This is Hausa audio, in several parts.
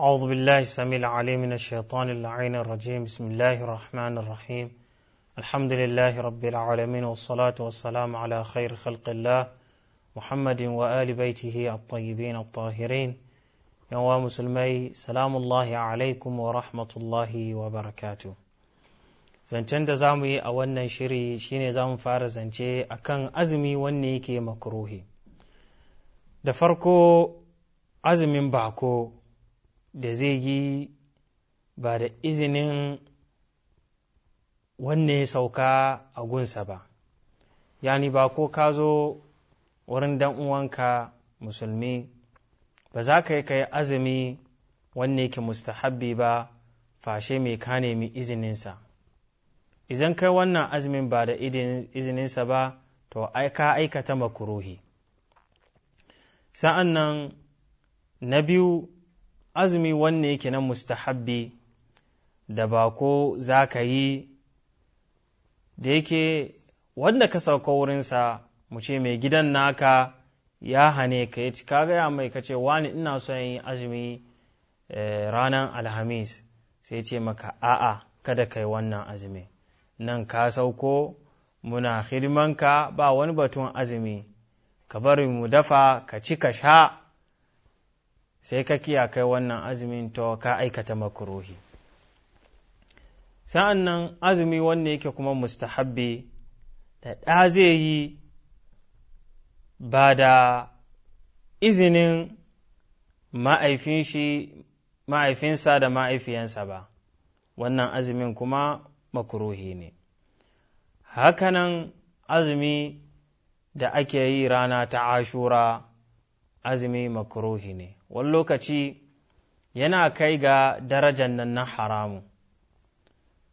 أعوذ بالله السميع العليم من الشيطان اللعين الرجيم بسم الله الرحمن الرحيم الحمد لله رب العالمين والصلاة والسلام على خير خلق الله محمد وآل بيته الطيبين الطاهرين يا مسلمي سلام الله عليكم ورحمة الله وبركاته zancen da za mu yi a wannan shiri shine za mu fara zance akan azumi wanne yake makruhi da farko azumin bako da zai yi ba da izinin wanne ya sauka a gunsa ba yani ba ko ka zo wurin dan uwanka musulmi ba za ka yi ka yi azumi wanne ke mustahabbi ba fashe mai ka nemi izininsa Izan kai wannan azumin ba da izininsa ba to ai ka aikata makuruhi sa'an nan na biyu azumi wanne yake na mustahabbi da ba ko za ka yi da yake wanda ka sauka wurinsa mu ce mai gidan naka ya hane ka ya ci gaya mai ka ce wani ina so yin azumi eh, ranar alhamis sai ce maka a'a kada ka yi wannan azumi nan ka sauko muna hidimanka ba wani batun azumi ka bari mu dafa ka ci ka sha sai ka kiyakai wannan azumin to ka aikata makuruhi sa'an nan azumi wanne yake kuma mustahabbi da ɗa zai yi ba da izinin ma'aifinsa da ma'aifiyansa ba wannan azumin kuma makuruhi ne hakanan azumi da ake yi rana ta ashura azumi makruhi ne wani lokaci yana kai ga darajan nan na haramu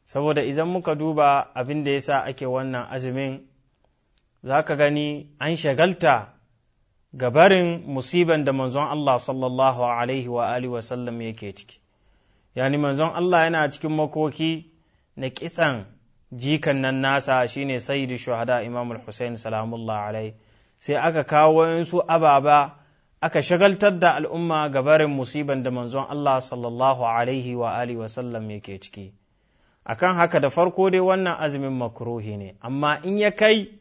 saboda idan muka duba abin da ya sa ake wannan azumin za ka gani an shagalta gabarin musiban da manzon Allah sallallahu alaihi wa alihi wasallam yake ciki yani manzon Allah yana cikin makoki na kisan jikan nan nasa shine sayyidu shuhada imamul hussein salamullah alaihi sai aka kawo wayansu ababa aka shagaltar da al'umma ga barin musiban da manzon Allah sallallahu alaihi wa alihi wasallam yake ciki akan haka da farko dai wannan azumin makruhi ne amma in ya kai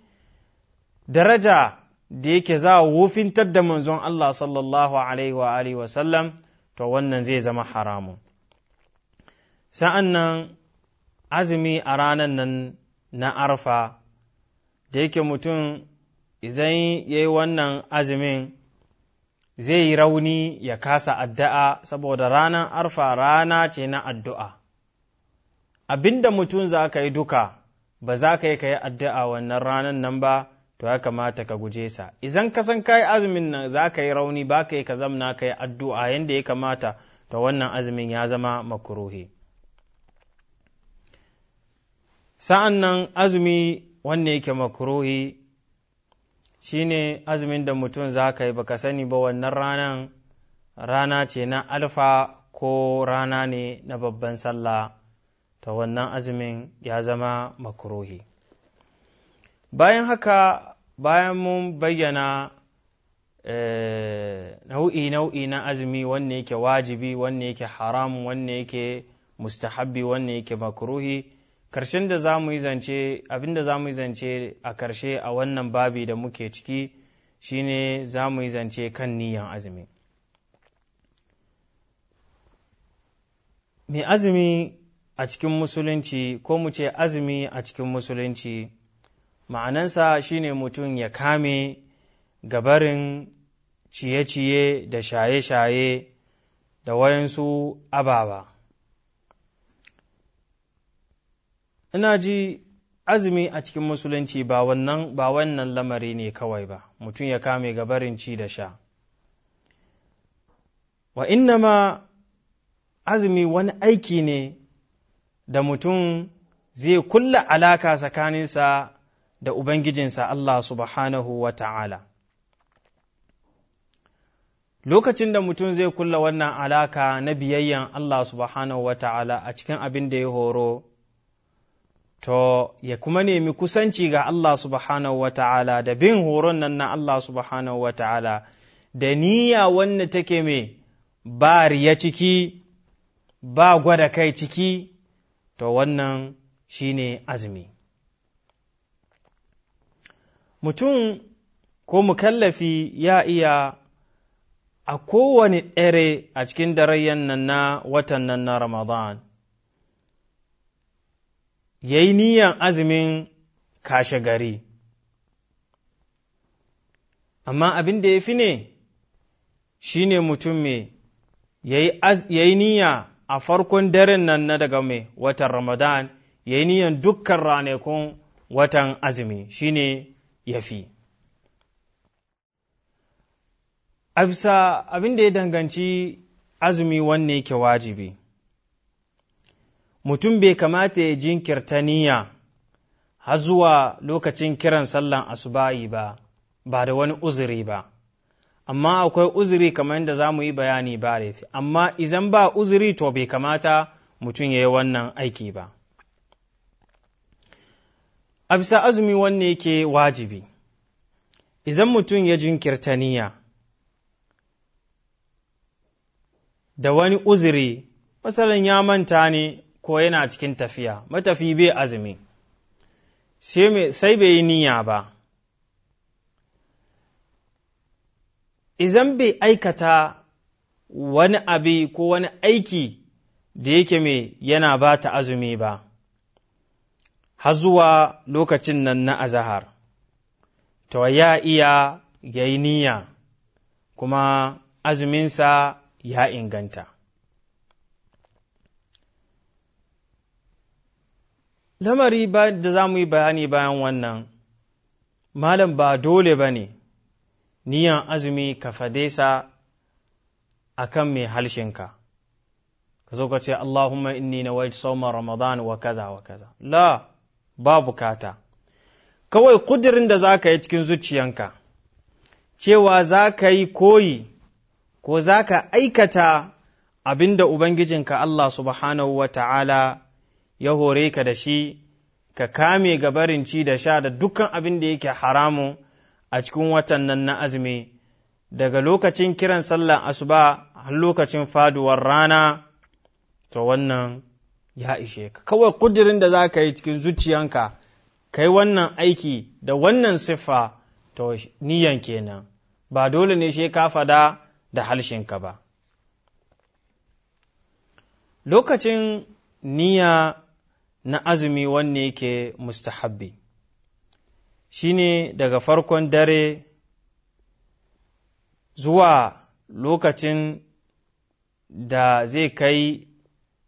daraja da yake za a wufintar da manzon Allah sallallahu alaihi wa alihi wasallam to wannan zai zama haramun sa'an nan azumi a ranar nan na arfa da yake mutum izan ya yi wannan azumin zai yi rauni ya kasa addu'a saboda ranar arfa rana ce na addu'a abinda mutum za ka yi duka ba za ka yi ka yi addu'a wannan ranar nan ba to ya kamata ka guje sa izan ka san ka yi azumin nan za ka yi rauni ba ka yi ka zamna ka yi addu'a yadda ya kamata to wannan azumin ya zama makuruhi sa'an nan azumi wanne yake makuruhi Shi ne azumin da mutum za ka yi baka sani ba wannan ranan rana ce na alfa ko rana ne na babban sallah ta wannan azumin ya zama makurohi bayan haka bayan mun bayyana eh, nau'i nau'i na azumi wanne yake wajibi wanne yake haram wanne yake mustahabbi wanne yake makuruhi karshen da za mu yi zance abin da za mu yi zance a karshe a wannan babi da muke ciki shine za mu yi zance kan niyan azumi mai azumi a cikin musulunci ko mu ce azumi a cikin musulunci ma'anansa shine mutum ya kame gabarin ciye-ciye da shaye-shaye da wayansu ababa ina ji azumi a cikin musulunci ba wannan ba wannan lamari ne kawai ba mutum ya kame gabarin ci da sha wa innama azumi wani aiki ne da mutum zai kulla alaka tsakaninsa da ubangijinsa Allah subhanahu wa ta'ala lokacin da mutum zai kulla wannan alaka na biyayyan Allah subhanahu wa ta'ala a cikin abin da ya horo to ya kuma nemi kusanci ga Allah subhanahu wa ta'ala da bin horon nan na Allah subhanahu wa ta'ala da niyya wanda take mai ba riya ciki ba gwada kai ciki to wannan shi ne azumi mutum ko mukallafi ya iya a kowane ɗare a cikin darayyan nan na watan nan na ramadan ya yi niyan azumin kashe gari amma abin da ya fi ne shi ne mutum mai ya yi niyya a farkon daren nan na daga mai watan ramadan ya yi niyan dukkan ranakun watan azumi shi ne ya fi a bisa abin da ya danganci azumi wanne ke wajibi mutum bai kamata ya jinkirta niyya har zuwa lokacin kiran sallan asubayi ba ba da wani uzuri ba amma akwai uzuri kamar yadda za mu yi bayani ba laifi amma idan ba uzuri to bai kamata mutum ya yi wannan aiki ba a bisa azumi wanne yake wajibi izan mutum ya jinkirta niyya da wani uzuri masalan ya manta ne ko yana cikin tafiya matafi bai azumi sai bai yi niyya ba izan bai aikata wani abi ko wani aiki da yake mai yana ba ta azumi ba har zuwa lokacin nan na azahar to ya iya ya yi niyya kuma azuminsa ya inganta lamari da za mu yi bayani bayan wannan malam ba dole ba ne niyan azumi ka fadesa a kan mai halshinka ka zo ka ce Allahumma inni na wai ramadan wa kaza wa kaza la ba bukata kawai kudirin da za ka yi cikin zuciyanka cewa za ka yi koyi ko za ka aikata abinda Ubangijinka Allah subhanahu wa ta'ala ya hore ka da shi ka kame gabarin ci da sha da dukkan abin da yake haramun a cikin watan nan na azumi daga lokacin kiran sallah asuba har lokacin faduwar rana to wannan ya ishe ka kawai kudirin da za ka yi cikin zuciyanka kai wannan aiki da wannan siffa to niyan kenan ba dole ne shi ka fada da halshinka ba lokacin niyya na azumi wanne yake mustahabbi shine daga farkon dare zuwa lokacin da zai kai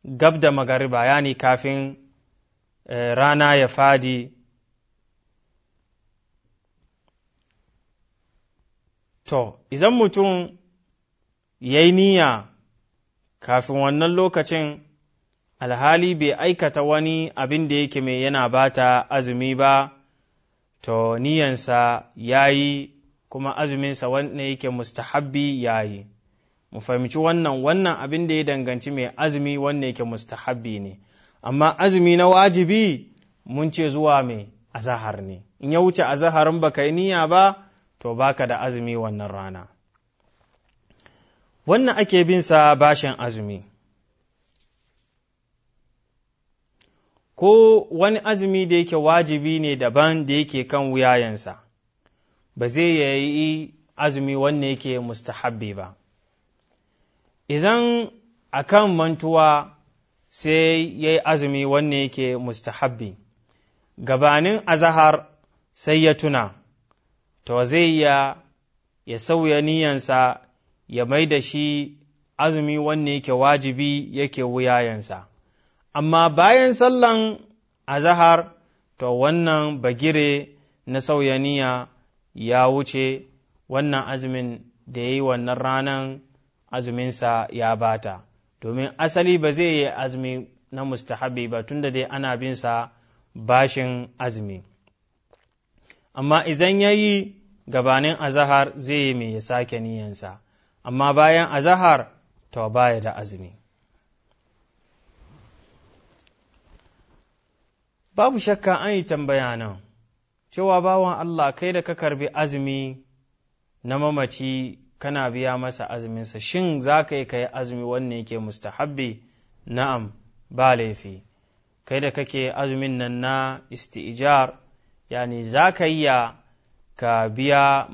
gab da magariba yani kafin eh, rana ya fadi to idan mutum ya yi niyya kafin wannan lokacin alhali bai aikata wani abin da yake mai yana bata azumi ba to niyansa ya yi kuma azuminsa wanda yake mustahabbi ya yi mu fahimci wannan wannan abin da ya danganci mai azumi wanda yake mustahabbi ne amma azumi na wajibi mun ce zuwa mai azahar ne in ya wuce azaharin baka yi niyya ba to baka da azumi wannan rana wannan ake bin sa bashin azumi ko wani azumi da yake wajibi ne daban da yake kan wuyayensa ba zai yi azumi wanda yake mustahabbi ba Izan a kan mantuwa sai ya yi azumi wanda yake mustahabbi gabanin azahar sai ya tuna to zai ya ya sauya niyansa ya mai da shi azumi wanda yake wajibi yake wuyayensa amma bayan sallan azahar to wannan bagire na sauyaniya ya wuce wannan azumin da ya yi wannan ranan azuminsa ya bata domin asali ba zai yi azumi na mustahabi ba tunda dai ana binsa bashin azumi amma idan ya yi gabanin azahar zai yi mai ya sake niyansa amma bayan azahar to baya da azumi babu shakka an yi tambaya nan cewa bawan Allah kai da ka karbi azumi na mamaci kana biya masa azuminsa shin za ka yi kai azumi wanne yake mustahabbi na'am ba laifi kai da kake azumin nan na istijar yani za ka yi ka biya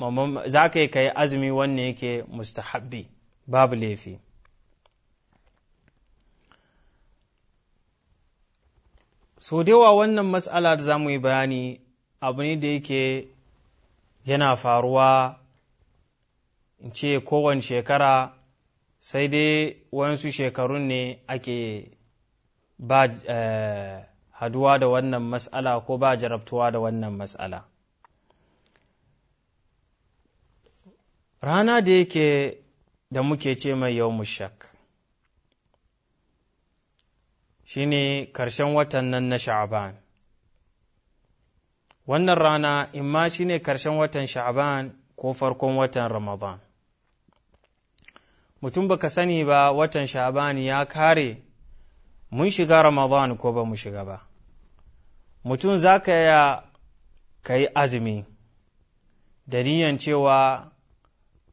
za ka yi kai azumi wanne yake mustahabbi babu laifi so yawa wannan matsala da za mu yi bayani abu ne da yake yana faruwa in ce kowane shekara sai dai wasu shekarun ne ake ba eh, haduwa da wannan matsala ko ba jarabtuwa da wannan matsala rana da yake da muke ce mai yau mushak Shi ne ƙarshen watan nan na sha'aban wannan rana shi ne ƙarshen watan sha'aban ko farkon watan ramadan mutum ba ka sani ba watan sha'aban ya kare mun shiga ramadan ko ba mu shiga ba mutum za ka ya ka yi azumi da niyan cewa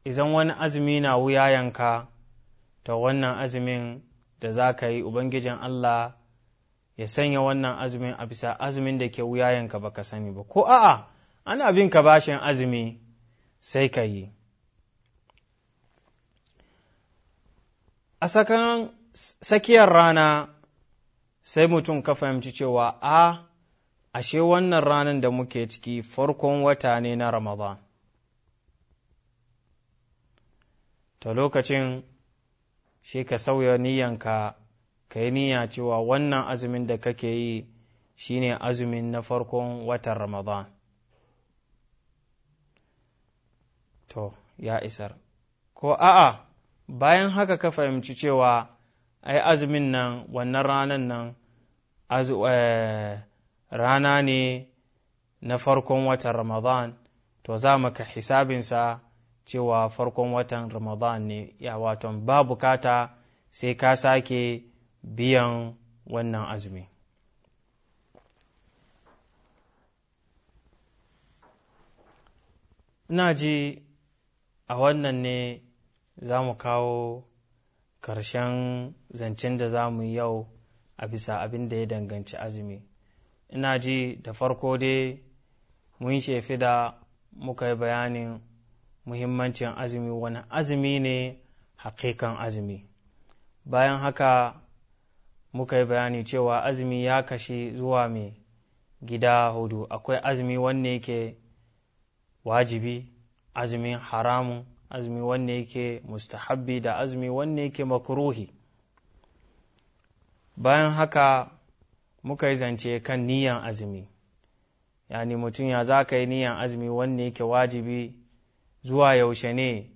izan wani azumi na wuyayenka ta wannan azumin da za ka yi ubangijin Allah ya sanya wannan azumin a bisa azumin da ke wuyayenka ka sani ba ko a'a ana bin ka bashin azumi sai ka yi a sakan tsakiyar rana sai mutum ka fahimci cewa a ashe wannan ranar da muke ciki farkon wata ne na ramadan ta lokacin shi ka sauya niyanka ka yi niyya cewa wannan azumin da kake yi shi ne azumin na farkon watan ramadan to ya isar ko a'a bayan haka ka fahimci cewa ai azumin nan wannan ranan nan eh, rana ne na farkon watan ramadan to za maka hisabinsa cewa farkon watan ramadan ne ya waton ba bukata sai ka sake biyan wannan azumi ina ji a wannan ne za mu kawo ƙarshen zancen da za mu yi yau a bisa abin da ya danganci azumi ina ji da farko dai mun shefi da muka yi bayanin muhimmancin azumi wani azumi ne hakikan azumi bayan haka muka yi bayani cewa azumi ya kashe zuwa mai gida hudu akwai azumi wanne yake wajibi azumi haramun azumi wanne yake mustahabbi da azumi wanne yake makuruhi bayan haka muka yi zance kan niyan azumi yani mutum ya za ka yi niyan azumi wanne yake wajibi zuwa yaushe ne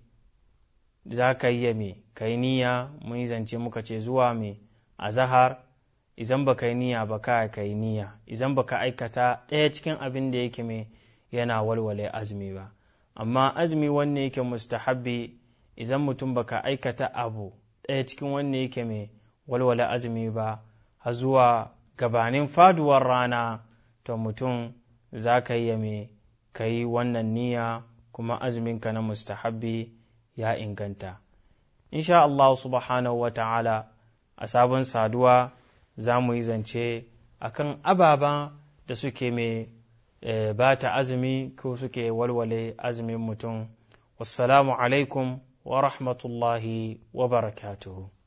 za ka yi me kai niyya mun zance muka ce zuwa mai a zahar izan ba kai niyya ba ka kai niyya izan ba ka aikata ɗaya cikin abin da yake me yana walwale azumi ba amma azumi wanne yake mustahabbi izan mutum ba ka aikata abu ɗaya cikin wanne yake mai walwale azumi ba har zuwa gabanin faduwar rana to mutum za ka yi me kai wannan niyya kuma azuminka na mustahabbi ya inganta insha Allah subhanahu wa ta'ala a sabon saduwa za mu yi zance akan ababa da suke mai eh, ba ta azumi ko suke walwale azumin mutum wassalamu alaikum wa rahmatullahi wa barakatuhu